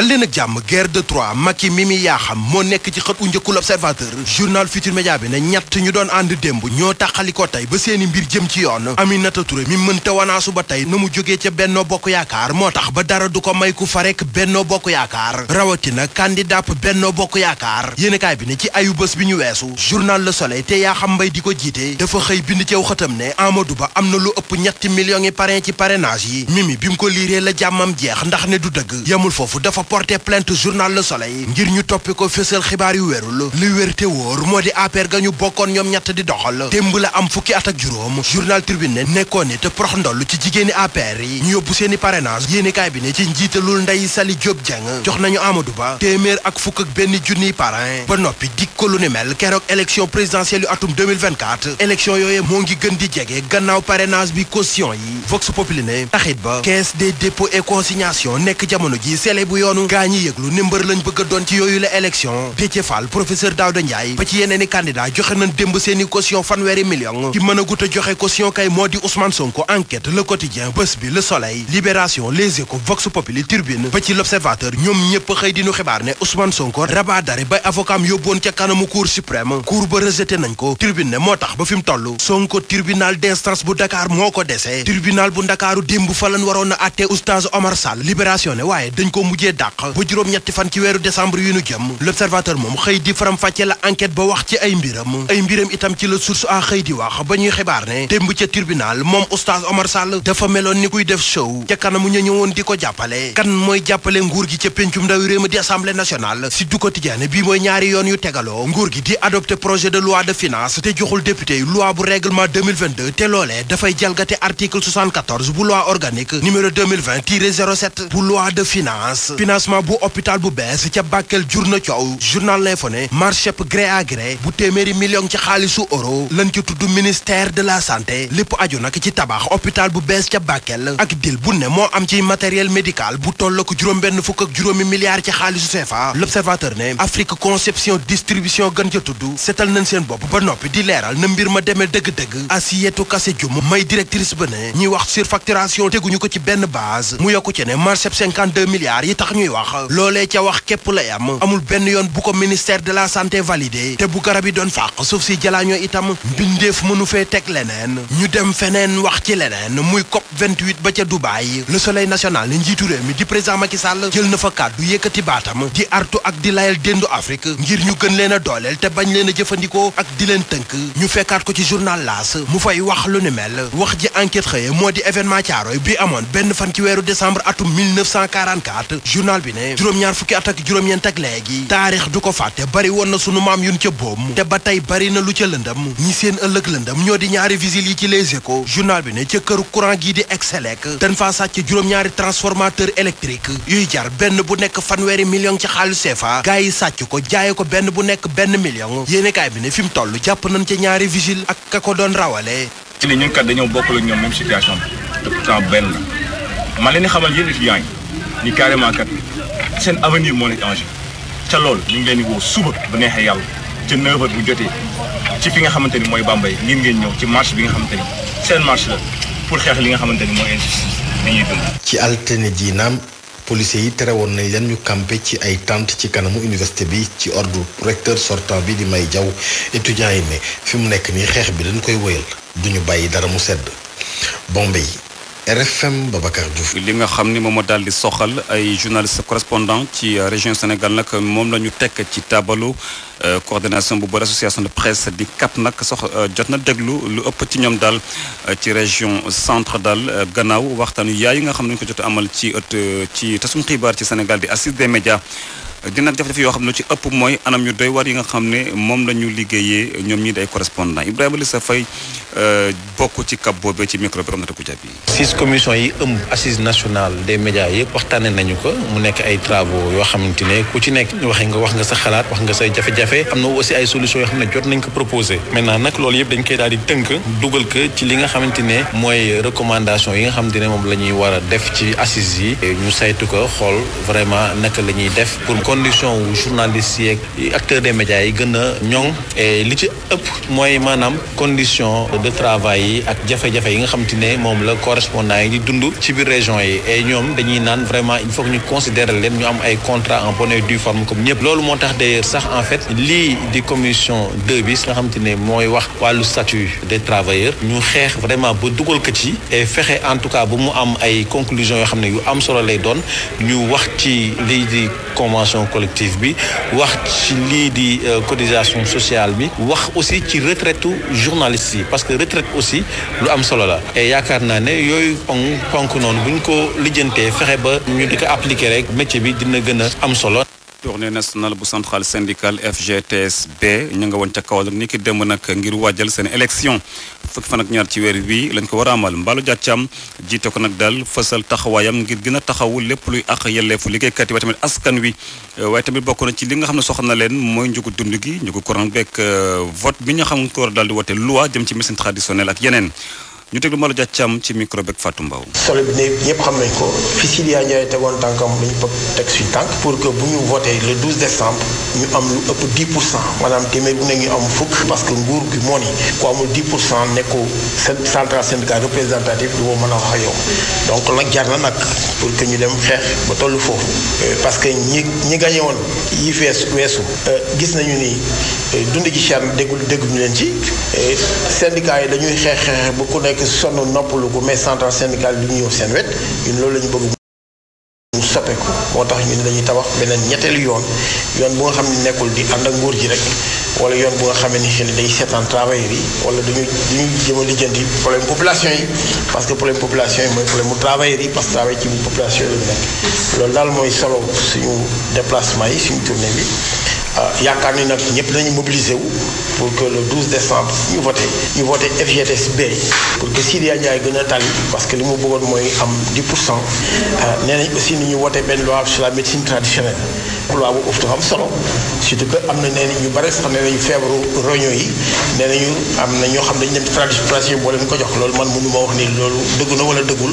dal leen ak jàmm guerre de trois Macky Mimi yaa xam moo nekk ci xët u njëkkul observateur journal Futur Média bi ne ñett ñu doon ànd démb ñoo taxaliko tey ba seeni mbir jëm ci yoon Aminata Touré mi mënta wanaasu ba tey na mu jógee ca Benno Bokk Yaakaar moo tax ba dara du ko may ku fa rek Benno Bokk Yaakaar rawatina candidat Benno Bokk Yaakaar yéenekaay bi ne ci ayu bés bi ñu weesu journal la Soleil te yaa xam mbay di ko jiite dafa xëy bind cew xëtam ne Amadou Ba am na lu ëpp ñetti millions yi parrain ci parrainage yi Mimi bi mu ko liiree la jàmmam jeex ndax ne du dëgg yamul foofu dafa porté plainte journal Le Soleil ngir ñu toppi ko fësal xibaar yu wérul li wér te wóor moo di APR ga ñu bokkoon ñoom ñett di doxal démb la am fukki at ak juróom journal Tribune nekkoon it prox ndoll ci jigéeni APR yi ñu yóbbu seeni parrainage yéeni kaay bi ne ci njiitalul Ndeye Sali Diop Dieng jox nañu Amadou Ba téeméer ak fukk ak benn junniy parrain ba noppi dik ko lu ni mel keroog élection présidentielle yu atum 2024 élection yooye moo ngi gën di jege gannaaw bi caution yi Vox Populi ne nekk jamono ji sele yoonu noonu gaa ne mbër lañ bëgg a doon ci yooyu la élection Déthié professeur Daouda Ndiaye ba ci yeneen i joxe nañ démb seeni caution fanweeri million ci mën a gut joxe caution kay moo di Ousmane Sonko enquête le quotidien bés bi le soleil libération les échos vox populi turbine ba ci l'observateur ñoom ñëpp xëy dinu xibaar ne Ousmane Sonko rabat d'arrêt bay avocat yóbboon ca kanamu cour suprême cour ba rejeté nañ ko turbine ne moo tax ba fi dàq bu juróom-ñetti fan ci weeru décembre yu nu jëm l'observateur moom xëy di faram la enquête ba wax ci ay mbiram itam ci la source a xëy di wax ba ñuy xibaar ne démb ca tribunal moom oustaz Omar Sall dafa meloon ni kuy def show ca kanamu ñu ñëwoon di ko jàppale kan mooy jàppale nguur gi ca péncum ndawi réew mi di assemblée nationale si du quotidien bii mooy ñaari yoon yu tegaloo nguur gi di adopté projet de loi de finance te joxul député financement bu hôpital bu bees ca Bakel jur na coow journal L'Info ne marché gré gré bu téeméeri million ci xaalisu euro lañ ci tudd ministère de la santé lépp aju nag ci tabax hôpital bu bees ca Bakel ak dil bu ne moo am ci matériel médical bu toll ko juróom-benn fukk ak juróomi milliards ci xaalisu CFA L'Observateur ne Afrique conception distribution gën ca tudd seetal nañ seen bopp ba noppi di leeral na mbir ma demee dëgg-dëgg Asietu Kase Jum may directrice ba ne ñuy wax surfacturation teguñu ko ci benn base mu yokk ci ne marché 52 milliards yi tax ñuy wax loolee ca wax képp lay am amul benn yoon bu ko ministère de la santé validé te bu garab yi doon fàq suuf si jalaañoo itam mbindeef mënu fee teg leneen ñu dem feneen wax ci leneen muy COP ba ca Dubaï le soleil national ni njiitu réew mi di président Macky Sall jël na fa kàddu yëkkati baatam di artu ak di layal déndu Afrique ngir ñu gën leen a dooleel te bañ leen a jëfandikoo ak di leen tënk ñu fekkaat ko ci journal L'As mu fay wax lu ni mel wax ji enquête xëye moo di événement Thiaroye bi amoon benn fan ci weeru décembre atum 1944 journal bi ne juróom-ñaar fukki at ak juróom-ñeent ak léegi taarix du ko fàtte bari woon na sunu maam yun ca boom te ba tey bari na lu ca lëndam ñi seen ëllëg lëndam ñoo di ñaari vigiles yi ci les échos journal bi ne ca këru courant gii di Excelec dañ faa sàcc juróom-ñaari transformateur électrique yuy jar benn bu nekk fanweeri million ci xaalis CFA gars yi sàcc ko jaay ko benn bu nekk benn million yéenekaay bi ne fi tollu jàpp nañ ca ñaari vigile ak ka ko doon rawale ci ñoom même situation bi te pourtant benn la ma leen di ni carrément kat seen avenir moo nekk en ca loolu ñu ngi leen di woo suba bu neexee yàlla ca 9h bu jotee ci fi nga xamante ni mooy yi ngir ngeen ñëw ci marche bi nga xamante ni seen marche la pour xeex li nga xamante ni mooy injustice ci altine ji naam policiers yi terewoon nañ leen ñu campé ci ay tente ci kanamu université bi ci ordre recteur sortant bi di May Diaw étudiants yi ne fi mu nekk nii xeex bi dañ koy wëyal duñu bàyyi dara mu sedd Bambey RFM Babacar Diouf. li nga xam ni moom moo daal di soxal ay journaliste correspondant ci euh, région Sénégal nag moom la ñu tekk ci tabalu euh, coordination bu boole association de presse di CAP nag sox euh, jot na déglu lu ëpp ci ñoom daal ci région centre daal gannaaw waxtaan yu yaay yi nga xam ne ko jot amal ci ëtt ci tasum xibaar ci Sénégal di assise des médias. dina def def yoo xam ne ci ëpp mooy anam ñu doy war yi nga xam ne moom la ñu liggéeyee ñoom ñii day correspondant Ibrahima Lissa Faye euh, bokk ci kab boobee ci micro ko mu nekk ay travaux yoo xamante ne ku ci xalaat wax nga say jafe-jafe am na aussi ay solutions yoo xam ne jot nañ ko proposé maintenant nag loolu yëpp dañ koy daal di tënk dugal ko ci li nga xamante ne mooy recommandation yi nga xamante ne moom la ñuy war a def ci assise yi ñu saytu ko xool vraiment naka la ñuy def pour condition wu journalistes yeeg acteurs des médias yi gën ñoŋ li ci ëpp mooy maanaam condition de travail yi ak jafe-jafe yi nga xam ne moom la correspondant yi di dund ci biir région yi et ñoom dañuy naan vraiment il faut ñu considérer leen ñu am ay contrat en bonne et due forme comme ñëpp loolu moo tax d'ailleurs sax en fait lii di commission 2 bis nga xam ne mooy wax wàllu statut des travailleurs ñu xeex vraiment ba dugal ko ci fexe en tout cas bu mu am ay conclusions yoo xam ne am solo lay doon convention collective bi wax ci lii di euh, cotisation sociale bi wax aussi ci retraite journaliste yi parce que retraite aussi lu am solo la et yaakaar naa ne yooyu ponk ponk noonu buñ ko lijjantee fexe ba ñu di ko appliquer rek métier bi dina gën a am solo tournée nationale bu centrale syndicale FGTSB ñu nga woon ca Kaolack ni ki dem nak ngir waajal seen élection fukki fanak ñaar ci weer wi lañ ko war a amal Mballo Dia Thiam jiite ko nag daal fësal taxawaayam ngir gën a taxawu lépp luy àq yelleefu liggéeykat yi waaye tamit askan wi waaye tamit bokk na ci li nga xam ne soxal na leen mooy njëgu dund gi njëgu courant beeg euh, vote bi nga xam ko war a daal di wote loi jëm ci médecine traditionnelle ak yeneen ñu déglu Malo Dia Thiam ci micro beeg Fatou solo bi ne ñëpp xam nañ ko fi Sidia Ndiaye tegoon tànkam dañu bëgg teg suñu tànk. pour que bu ñu voté le 12 décembre ñu am lu ëpp 10 pour cent maanaam ñu am fukk. parce que nguur gi moo ni ku amul 10 pour cent nekkoo seen central syndical représentatif du ko mën a wax ak yow donc nag jar na nag pour que ñu dem xeex ba toll foofu. Euh, parce que ñi ñi gagné yi fees weesu. Euh, gis nañu ni euh, dund gi cher na déggu dégguñu leen ci syndicat yi dañuy xeex xeex ba ku nekk. nekk sonn noppalu bu mais central syndical du ñëw seen wet ñun loolu la ñu bëgg mu soppeeku moo tax ñun dañuy tabax beneen ñetteelu yoon yoon bu nga xam ne nekkul di ànd ak ngóor gi rek wala yoon bu nga xam ne xëy na day seetaan travailleurs yi wala duñu duñu jëm a lijjanti problème population yi parce que problème population yi mooy problème mu travailleurs parce que travail ci population yi lañu nekk loolu daal mooy solo suñu déplacement yi suñu tournée bi Euh, yaakaar ni nag ñëpp nañu mobiliser wu pour que le 12 décembre ñu voté ñu voté FGTS B pour que Sidya Ndiaye gën a tali parce que li mu bëggoon mooy am 10 pour cent euh, nee nañ aussi ni ñu voté benn loi la médecine traditionnelle loi bu am solo surtout am na nee ñu bëri sax nee nañu feebaru roño yi nee nañu am na ñoo xam dañu dem tradition boo leen ko jox loolu man mënu ma wax ni loolu dëgg na wala dëggul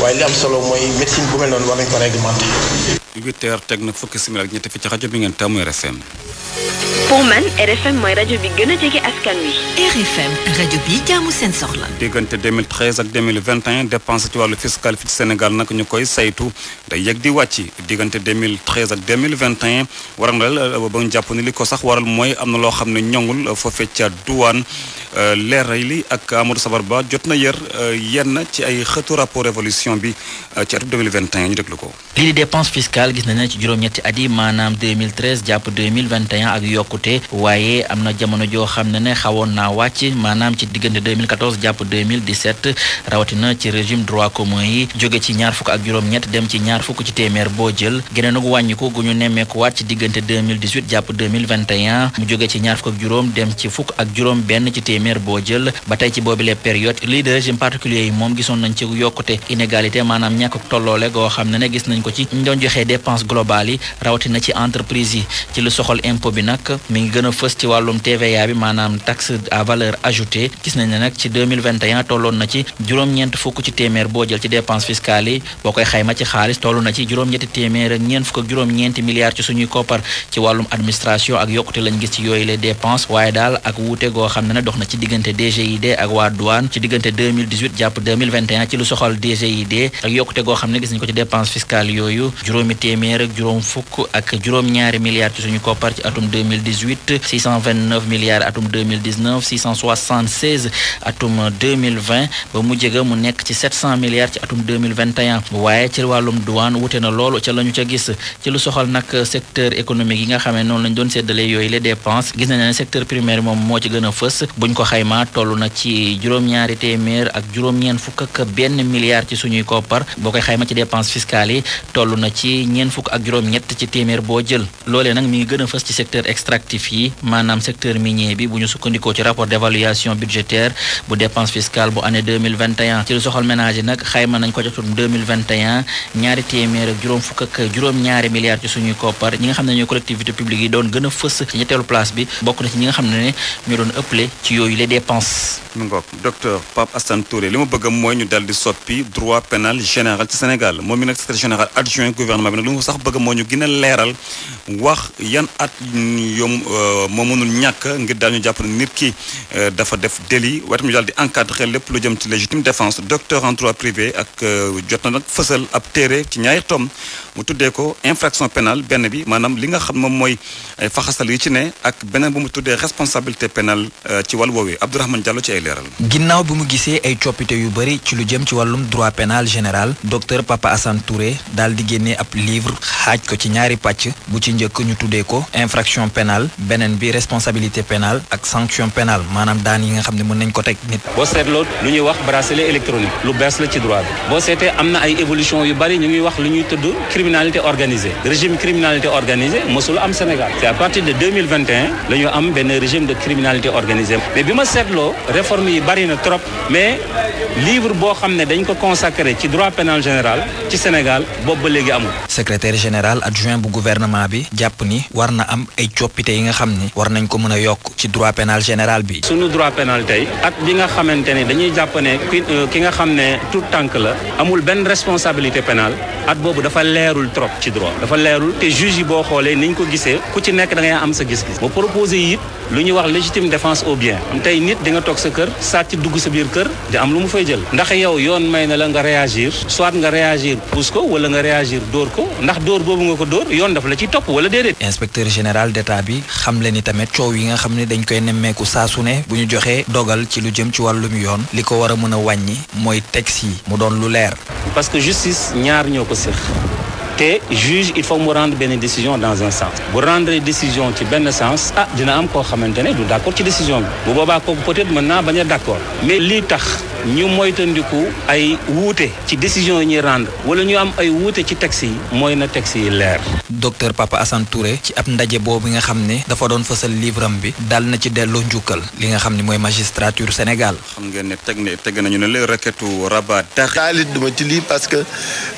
waaye li am solo mooy médecine bu mel noonu war nañ ko réglementer 8 heures teg na fukki simila ak ñetti fi ci rajo bi ngeen taamu RFM. pour man RFM mooy rajo bi gën a jege askan wi. wàllu fiscal fi ci Sénégal ñu koy saytu day yëg di wàcc diggante 2013 ak 2021 waral na la ba ñu jàpp ne li ko sax waral mooy am na loo xam ne ñoŋul foofee ca douane euh, leeral li ak Amadou Sabar Ba jot na yër euh, yenn ci ay xëtu rapport révolution bi euh, ci atum 2021 ñu déglu ko. lii di dépense fiscale. Sénégal gis mu jóge ci ñaar fukk ak juróom dem ci fukk ak juróom benn ci téeméer boo jël ba tey ci boobile période lii de régime particulier yi moom gisoon nañ ci yokkute inégalité maanaam ñàkk tolloole goo xam ne ne gis nañ ko ci doon joxee dépense globale yi rawatina ci entreprise yi ci lu soxal impôt bi nag mi ngi gën a fës ci wàllum TVA bi maanaam taxe valeur ajoutée gis nañ ne ci tolloon na ci juróom-ñeent fukk ci téeméer boo jël ci dépense fiscale yi boo koy xayma ci xaalis toll na ci juróom-ñetti téeméer ak ñeent fukk ak juróom-ñeenti milliards ci suñuy koppar ci wàllum administration ak yokkute lañ gis ci yooyu les dépenses waaye daal ak wuute goo xam ne ne dox na ci diggante téeméer ak juróom fukk ak juróom-ñaari milliards ci suñu koppar ci atum milliards atum ba mu jega mu nekk ci milliards ci atum waaye ci wàllum douane wute na loolu ca la ca gis ci lu soxal nag secteur économique yi nga xam ne noonu lañ doon séddale yooyu les dépenses gis nañ ne secteur primaire moom moo ci gën a fës buñ ko xayma toll na ci juróom-ñaari téeméer ak juróom-ñeent fukk ak benn milliard ci suñuy koppar boo koy xayma ci dépenses fiscales ñeent fukk ak juróom-ñett ci téeméer boo jël loolee nag mi ngi gën fës ci secteur extractif yi maanaam secteur minier bi bu ñu sukkandikoo ci rapport d'évaluation budgétaire bu dépense fiscale bu année ci lu soxal ménage yi xayma nañ ko jotum 2021 ñaari téeméer ak juróom fukk ak juróom-ñaari milliards ci suñuy koppar ñi nga xam ne ñooy collectivité publique yi doon gën a fës ci ñetteelu place bi bokk na ci ñi nga xam ne ne ñu doon ëppale ci yooyu les dépenses mu ngoog ne lu mu sax bëgg moo ñu gën leeral wax yan at yom euh, moo mënul ñàkk ngir daal ñu jàpp ne nit ki euh, dafa def délit waaye tamit daal di encadrer lépp lu jëm ci légitime défense docteur en droit privé ak euh, jot na nag fësal ab téere ci ñaari tom mu tuddee ko infraction pénale benn bi maanaam li nga xam moom mooy ay faxasal yi ci ne ak beneen bi mu tuddee responsabilité pénale ci wàll woowee Abdourahmane Diallo ci ay leeral. ginnaaw bi mu gisee ay coppite yu bëri ci lu jëm ci wàllum droit pénal général docteur Papa livre xaaj ko ci ñaari pàcc bu ci njëkk ñu tuddee ko infraction pénale beneen bi responsabilité pénale ak sanction pénale maanaam daan yi nga xam ne mën nañ ko teg nit. boo seetloo lu ñuy wax bracelet électronique lu bees la ci droit bi boo seetee am na ay évolution yu bari ñu ñuy wax lu ñuy tudd criminalité organisée régime criminalité organisé mosul am Sénégal c'est à partir de 2021 la ñu am benn régime de criminalité organisée mais bi ma seetloo réforme yi bari na trop mais livre boo xam ne dañ ko consacré ci droit pénal général ci Sénégal boobu secrétaire général adjoint bu gouvernement bi jàpp ni war na am ay coppite yi nga xam ni war nañ ko mën a yokk ci droit pénal général bi. suñu droit pénal tey at bi nga xamante ne dañuy jàpp ne euh, ki nga xam ne tout tànk la amul benn responsabilité pénale at boobu dafa leerul trop ci droit dafa leerul te juge yi boo xoolee niñ ko gisee ku ci nekk da am sa gis-gis. mu proposé yi it lu ñuy wax légitime défense au bien tey nit di nga toog sa kër sàcc dugg sa biir kër am lu mu fay jël ndax yow yoon may na ndax dóor boobu nga ko dóor yoon dafa la ciy topp wala déedéet. inspecteur général d'état bi xam le ni tamit coow yi nga xam ne dañ koy nemmeeku saa su ne bu ñu joxee dogal ci lu jëm ci wàllum yoon li ko war a mën a wàññi mooy texte yi mu doon lu leer. parce que justice ñaar ñoo ko séq te juge il faut mu rendre benn décision dans un sens bu rendre décision ci benn sens ah dina am koo xamante ne du d' accord ci décision bi bu boobaa kooku peut-être mën naa bañ a d' mais lii tax ñu moytandiku ay wuute ci décision yi ñuy rendre wala ñu am ay wuute ci texte yi mooy na texte yi leer. docteur Papa Assane Touré ci ab ndaje boobu nga xam ne dafa doon fësal livre bi dal na ci delloo njukkal li nga xam ne mooy magistrature Sénégal. xam ngeen ne teg ne teg nañu ne la requête Rabat tax. daalit duma ci lii parce que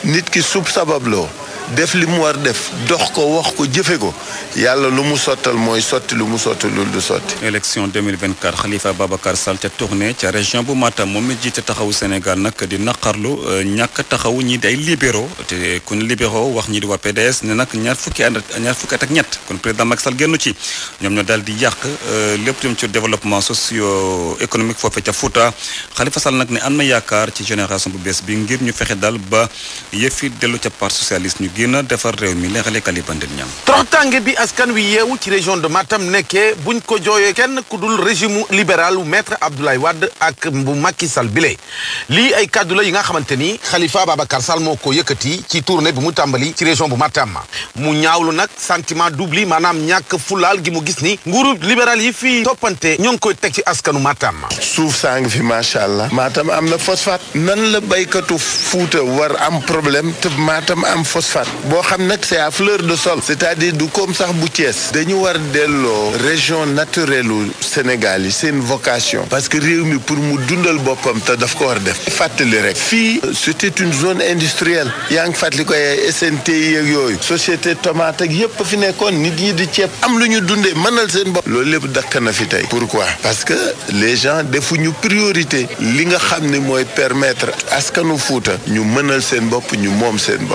nit ki sub sababloo def li mu war def dox ko wax ko jëfe ko yàlla lu mu sottal mooy sotti lu mu sotti lu du sotti. élection 2024 Khalifa Babacar Sall ca tournée ca région bu Matam moom mi jiite taxawu Sénégal nag di naqarlu euh, ñàkk taxawu ñi ay libéraux te kun libéraux wax ñii di waa PDS ne nag ñaar fukki at ñaar fukki at ak ñett kon président Macky Sall génn ci ñoom ñoo daal di yàq euh, lépp jëm ci développement socio économique foofee ca Fouta Khalifa Sall nag ne am na yaakaar ci génération bu bees bi ngir ñu fexe daal ba yëfi dellu ca parti socialiste gën a defar réew mi neexale kalibandit ñam troxtaange bi askan wi yeewu ci région de Matam nekkee buñ ko jooyee kenn ku dul régime libéral wu maître Abdoulaye ak bu Macky Sall bile lii ay kàddu yi nga xamante ni Khalifa Babacar Sall moo ko yëkkati ci tournée bi mu tàmbali ci région bu Matam mu ñaawlu nag sentiment d'oubli maanaam ñàkk fulaal gi mu gis ni nguuru libéral yi fii toppante ñoo ngi koy teg ci askanu Matam suuf saa ngi fi macha allah Matam am na phosphate nan la béykatu Fuuta war am problème defaat boo xam nag c'est à fleur de sol c'est-à-dire du koom sax bu cees dañu war delloo région naturelle Sénégal yi seen vocation parce que réew mi pour mu dundal boppam te daf ko war def fàttali rek fii c'était une zone industrielle yaa ngi li ko SNT yeeg yooyu société tomate ak yépp fi nekkoon nit ñi di ceeb am lu ñu dundee mënal seen bopp loolu lépp dakk na fi tey pourquoi parce que les gens ñu priorité li nga xam ni mooy permettre askanu Fuuta ñu mënal seen bopp moom seen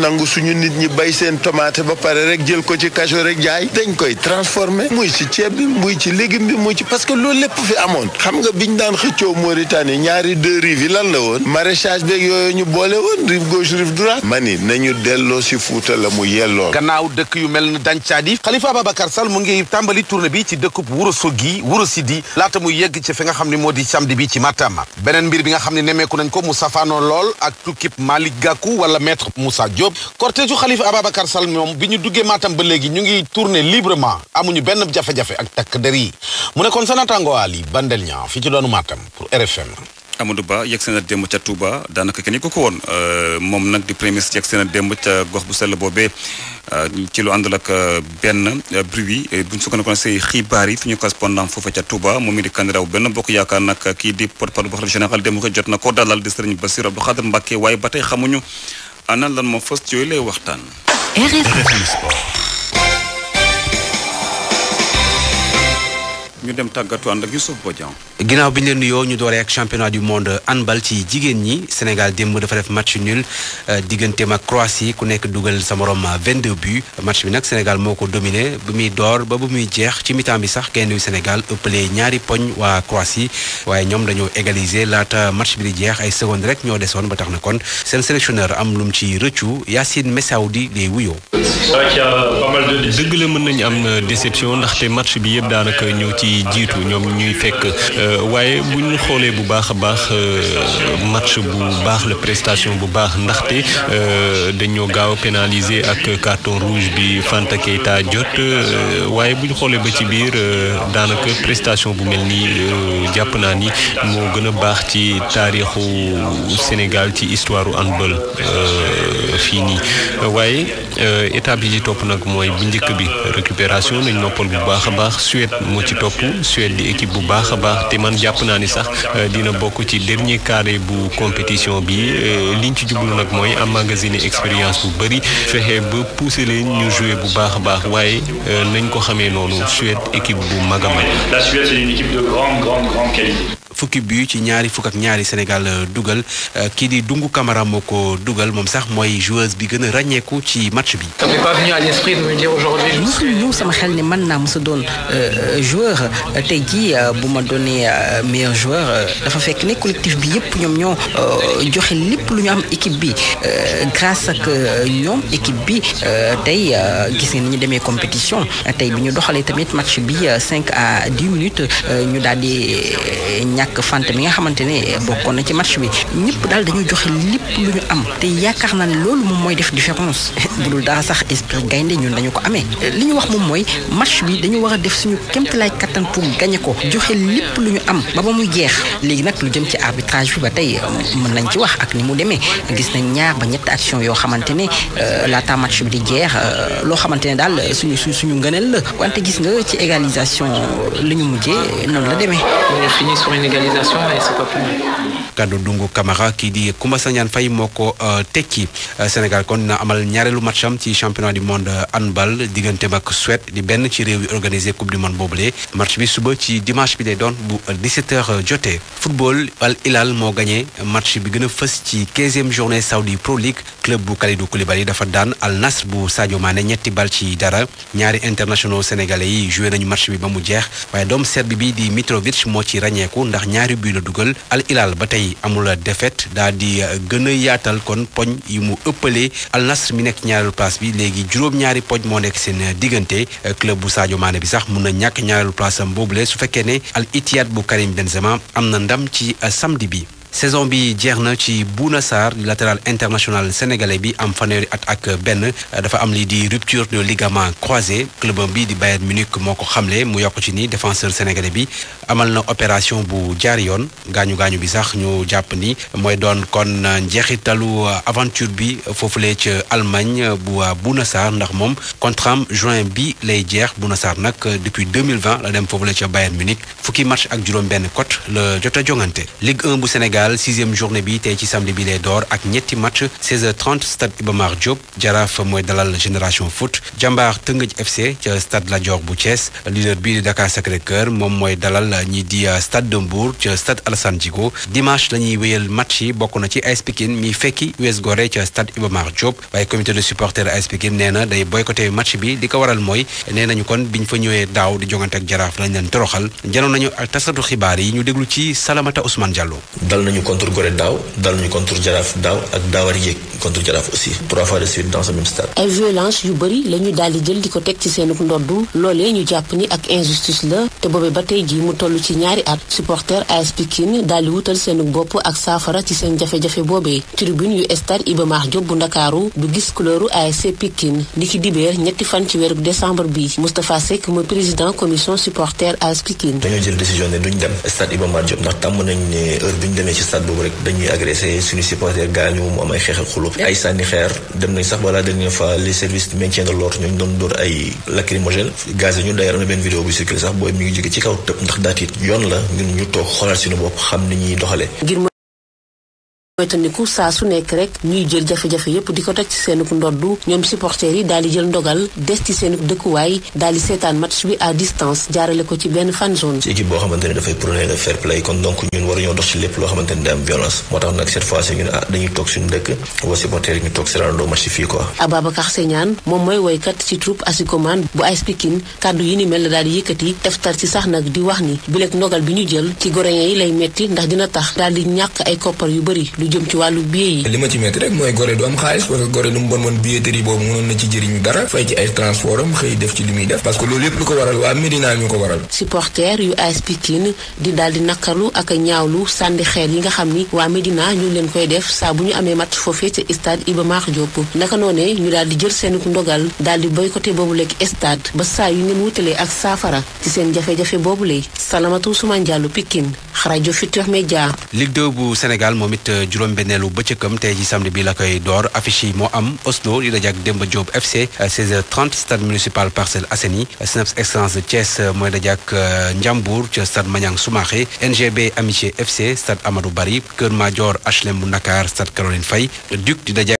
nangu suñu nit ñi bay seen tomate ba pare rek jël ko ci kaso rek jaay dañ koy transformer muy ci ceeb bi muy ci légume bi muy ci parce que loolu lépp fi amoon xam nga biñ daan xëccoo Mauritanie ñaari deux rives yi lan la woon maraîchage beeg yooyu ñu boole woon rive gauche rive droite mani nañu delloo si Fuuta la mu yelloon. gannaaw dëkk yu mel ni Dancadi Khalifa Ababacar Sall mu ngi tàmbali tournée bi ci dëkkub Ourossogui Ourossidi laata muy yegg ci fi nga xam ne moo di samedi bi ci Matam beneen mbir bi nga xam ne nemmeeku nañ ko mu safaanoo lool ak tukkib Malick Gakou wala maître Moussa Diop Diop cortège u Khalifa Ababacar Sall moom bi ñu duggee maatam ba léegi ñu ngi tourner librement amuñu benn jafe-jafe ak takk der yi mu ne kon sa naataango Ali Bandel Niang fii ci doonu Matam pour RFM Amadou Ba yegg seen a démb ca Touba daanaka kenn ko woon euh, moom nag di premier yegg seen a démb ca gox bu sell boobee euh, ci lu àndul ak euh, benn bruit buñ sukkandikoo ci xibaar yi suñu correspondant foofa ca Touba moom mi di candidat wu benn bokk yaakaar nag kii di porte bu xalifa général démb jot na ko dalal di Serigne Bassirou Abdou Khadre waaye ba tey xamuñu. ana lan moo fas ci yooyu lay waxtaan. RFM Sport. ñu dem tàggatu ànd ak Youssouf Bodian. ginnaaw bi ñu leen nuyoo ñu dooree ak championnat du monde handball ci jigéen ñi Sénégal démb dafa def match nul euh, digganteem ak Croatie ku nekk dugal sa morom 22 buts match bi nag Sénégal moo ko dominé bu muy door ba bu muy jeex ci mi-temps bi sax gaynde yu Sénégal ëppale ñaari poñ waa Croatie waaye ñoom dañoo égaliser laata match bi di jeex ay secondes rek ñoo desoon ba tax na kon seen sélectionneur am lu mu ci rëccu Yacine Messaoudi lay wuyoo. dëgg la mën nañu am euh, déception ndaxte match yi jiitu ñoom ñuy fekk euh, waaye bu ñu xoolee bu baax a baax euh, match bu baax la prestation bu baax ndaxte euh, dañoo gaaw a ak carton rouge bi Fanta Keita jot waaye bu ñu xoolee ba ci biir daanaka prestation bu mel nii jàpp naa ni moo gën a baax ci taarixu Sénégal ci histoire u handball fii nii waaye étape yi ci topp nag mooy bu njëkk bi récupération nañ noppal bu baax a baax Suède moo ci topp Suède di équipe bu baax a baax te man jàpp naa ni sax euh, dina bokk ci dernier carré bu compétition bi euh, liñ ci jublu nag mooy am emmagasiner expérience bu bëri fexe ba pousser leen ñu jouer bu baax a baax waaye euh, nañ ko xamee noonu Suède équipe bu mag La Suède c'est une équipe de grande grande grande fukki but ci ñaari fukk ak ñaari Sénégal euh, dugal euh, kii di Dungu Camara moo ko dugal moom sax mooy joueuse bi gën a ràññeeku ci match bi. mosul ñëw sama xel ni man naa mos doon euh, joueur tey jii bu ma doonee meilleur joueur dafa fekk ne collectif bi yëpp ñoom ñoo joxe lépp lu ñu am équipe bi grâce ak ñoom équipe bi tey gis nga ni ñu demee compétition tey bi ñu doxalee tamit match bi cinq à dix minutes ñu daal di ak fant mi nga xamante ne bokkoon na ci match bi ñëpp daal dañu joxe lépp lu ñu am te yaakaar naa ne loolu moom mooy def différence bu dul dara sax esprit gaynde ñun dañu ko amee li ñu wax moom mooy match bi dañu war a def suñu kéemtalaay kattan pour gagné ko joxe lépp lu ñu am ba ba muy jeex léegi nag lu jëm ci arbitrage bi ba tey mën nañ ci wax ak ni mu demee gis nañ ñaar ba ñett action yoo xamante ne euh, laata match bi di jeex euh, loo xamante ne daal suñu suñu ngëneel la wante gis nga ci égalisation euh, li ñu mujjee noonu demee. mondialisation kaddu Dungu Camara kii di Koumba Sagnane fay moo ko euh, tekki euh, Sénégal kon na amal ñaareelu matcham ci championnat du monde euh, handball digganteem ak Suède di benn ci réew yi organisé coupe du monde boobule match bi suba ci dimanche bi de doon bu 17h jotee. football Al Hilal moo gagné match bi gën a fës ci 15e journée Saudi Pro League club bu Kalidou Koulibaly dafa daan Al Nasr bu Sadio Mané ñetti bal ci dara ñaari internationaux sénégalais yi joué nañu bi ba mu jeex waaye doom Serbe bi di moo ci ràññeeku ndax ñaari bii la dugal Al Hilal ba tey amula defet daal di euh, gën a yaatal kon poñ yi mu ëppalee Al Nasr mi nekk ñaareelu place bi léegi juróom-ñaari poñ moo nekk seen euh, diggante euh, club bu Sadio maane bi sax mun na ñàkk ñaareelu place am boobule su fekkee ne Al Ittihad bu Karim Benzema am na ndam ci samdi bi. saison bi jeex na ci Bouna Sarr di latéral international sénégalais bi am fanweeri at ak benn dafa am lii di rupture de ligament croisé club bi di Bayern Munich moo ko xamle mu yokk ci ni défenseur sénégalais bi amal na opération bu jaar yoon gaañu gaañu bi sax ñu jàpp ni mooy doon kon njeexitalu aventure bi foofulee ci Allemagne bu Bouna Sarr ndax moom contrat juin bi lay jeex Bouna Sarr nag depuis 2020 la dem foofulee ca Bayern Munich fukki match ak juróom-benn cote la jot a jongante Sénégal sixième journée bi tey ci samedi bi lay door ak ñetti match 16h30 stade Iba Mar Diop Jaraaf mooy dalal Génération Foot Jambaar Tëngëj FC ca stade Lat bu Thiès leader bii di Dakar Sacré-Cœur moom mooy dalal ñi di euh, stade de Mbour ca stade Alassane Djigo dimanche la ñuy wéyal match yi bokk na ci AS Pikine mi fekki US Gorée ca stade Iba Mar waaye comité de supporters AS Pikine nee na day boycotté match bi li ko waral mooy nee nañu kon biñ fa ñëwee daaw di jongante ak Jaraaf lañ leen toroxal janoon nañu ak tasatu xibaar yi ñu déglu ci Salamata Ousmane Diallo nañu contre Gorée daaw dal nañu contre Jaraaf daaw ak daawaari yéeg contre Jaraaf aussi trois fois de suite dans ce même stade. ay violence yu bëri la ñu jël di ko teg ci seenug ndoddu loolee ñu jàpp ni ak injustice la te boobee ba tey ji mu toll ci ñaari at supporter AS Pikine daal di wutal seenug bopp ak saafara ci seen jafe-jafe boobee tribune yu stade Iba Mar Diop bu Ndakaaru du gis couleuru ASC Pikine ni ki dibeer ñetti fan ci weerub décembre bi Moustapha Seck mooy président commission supporter AS Pikine. dañoo jël décision ne duñ dem stade Iba Mar ndax tàmm nañ ne heure stade boobu rek dañuy agressé suñu supporter gaañu mu am ay xeex ay sànni xeer dem nañ sax balaa dernière fois les services de maintien de l'ordre ñooñu doon dóor ay lacrymogène gaz ñun d'ailleurs am na benn vidéo bu circulé sax booy mi ngi jóge ci kaw tëb ndax daat yoon la ñun ñu toog xoolaat suñu bopp xam ni ñuy doxalee moytandiku saa su nekk rek ñuy jël jafe-jafe yépp di ko toj ci seenuk ndoddu ñoom supporters yi daal di jël ndogal des ci seenuk dëkkuwaay daal di seetaan match bi à distance jaarale ko ci benn fan zone ci boo xamante ne dafay prôner le fair play kon donc ñun waruñoo dox ci lépp loo xamante ne day am violence moo tax nag cette fois ci ñun ah dañuy toog suñu dëkk wa supporters yi ñu toog seraandoo match fii quoi Ababacar Señaan moom mooy woykat ci troupe Asikoman bu AS Pikine kàddu yi ni mel la daal di yëkkati deftar ci sax nag di wax ni bileeg ndogal bi ñu jël ci goréen yi lay metti ndax dina tax daal di ñàkk ay koppar yu bëri lu jëm ci wàllu billet yi. li ma ci métti rek mooy gore du am xaalis parce que gore lu mu bon bon billetterie boobu mënoon na ci jëriñu dara fay ci ay transport xëy def ci li def parce que loolu yëpp lu ko waral waa Médina ñu leen koy def saa ñu amee mat foofee ca stade Iba Mar naka noonee ñu daal jël seen ndogal daal di boycotté boobu lekk stade ba saa yu ngeen wutalee ak saafara ci seen jafe-jafe boobu lay salamatu Ousmane Diallo Pikine rajo Futurs Médias. Ligue 2 bu Sénégal juróom-benneelu bëccëkam tey ji samedi bi la koy door affiche moo am Oslo di dajak Demba Diop FC stade municipal Parcelles Assainies SNEIPS Excellence de Thiès euh, mooy dajak euh, Ndiambour ca stade Maniang Soumaré NGB Amitié FC stade Amadou Barry Kër Madior HLM bu Ndakaar stade Caroline Faye Duc di dajak